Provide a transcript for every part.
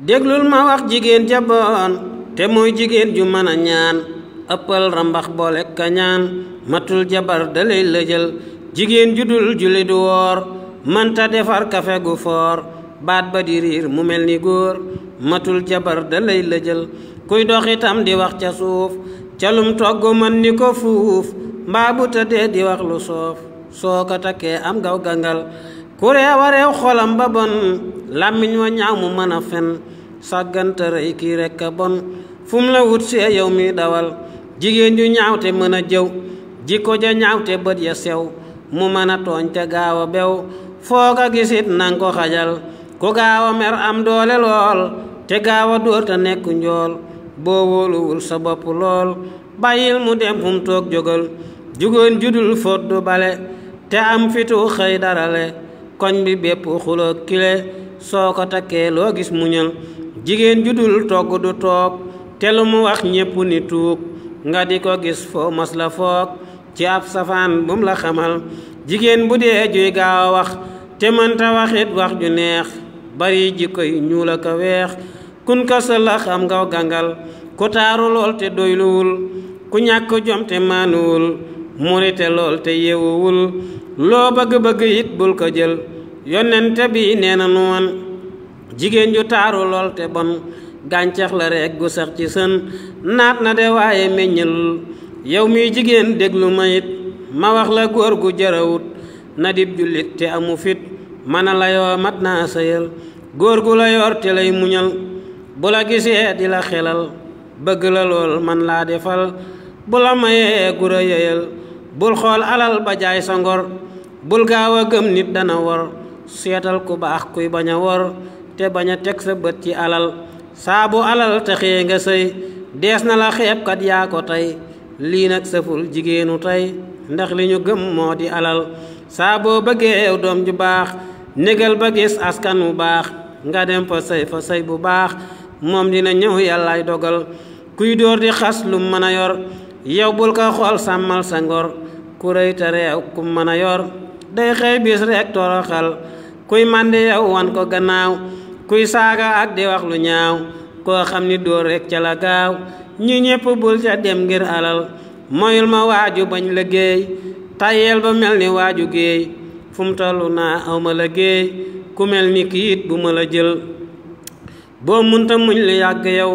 déglul ma wax jigéen ja bon te mooy jigéen ju mën a ñaan ëppal rambax boole kañaan matul jabar dalay lëjal jigéen ju dul julli du woor mënta defar kafe gu foor baat ba di riir mu mel ni góor matul jabar dalay lëjal kuy dox itam di wax ca suuf lum togg mën ni ko fuuf mbaa bu tëddee di wax lu soof soo ko takkee am gaw gàngal ku reew reew xolam ba bon làmmiñ wa ñaaw mu mën a fen sàggante kii rekk a bon fu la wut si yow mi dawal jigéen ju ñaaw te mën a jëw jikko ja ñaaw te bët ya sew mu mën a tooñ te gaaw a bew foog a gisit nang ko xajal ku gaaw a mer am doole lool te gaaw a dóor te nekku njool boo wóoluwul sa bopp lool bàyyil mu dem fu mu toog jógal jugóon judul fot du bale te am fitu xëy darale koñ bi bépp xuloo kile soo ko takkee loo gis muñal jigéen ju dul togg du toog te lu mu wax ñépp ni tuug nga di ko gis foo mas la foog ci ab safaan bum la xamal jigéen bu dee juy gaaw a wax te mënta waxit wax ju neex bari jikko yu ñuul ak a weex kun ko sëla xam ngaw gàngal ku taaru lool te doyluwul ku ñàkk jom te maanuwul murite lool te yewuwul loo bëgg-bëgg it bul ko jël yonente bi nee na nu woon jigéen ju taaru lool te bon gàncax la rekk gu sax ci sën naat na de waaye meññalul yow miy jigéen déglu ma ma wax la góor gu jarawut na dib jullit te amu fit mana la yoo mat naa sëyal góor gu la yor te lay muñal bu la gisee di la xelal bëgg la lool man laa defal bu la mayee gura yeyal bul xool alal ba jaay sa ngor bul gaaw a gëm nit dana wor seetal ku baax kuy bañ a wor te bañ a teg sa bët ci alal saabu alal te nga sëy dees na la kat yaa ko tey lii nag sëful jigéenu tey ndax li ñu gëm moo di alal saaboo bëggee ew doom ju baax négal ba gis askan wu baax nga dem fa sëy fa sëy bu baax moom dina ñëw yàllaay dogal kuy dóor di xas lum mën a yor yow bul ko xool sàmmal sa ngor ku rëy te reew ku mën a yor day xëy bis rek toroxal kuy màndi yow wan ko gannaaw kuy saaga ak di wax lu ñaaw koo xam ni dóor rek ca la gaaw ñi ñépp bul ca dem ngir alal moyul ma waaju bañ liggéey tayel ba mel ni waaju géey fu mu naa aw ma liggéey ku mel ni kiit bu ma la jël boo munta muñ lu yàgg yow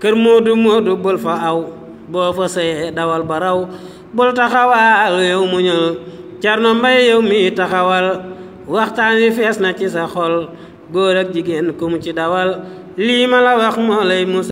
kër moodu moodu bul fa aw boo fa sëyee dawal ba raw bul taxawaalu yow muñal carno mbay yow mi taxawal waxtaan wi fees na ci sa xol góor ak jigéen ko mu ci dawal lii ma la wax moo lay musa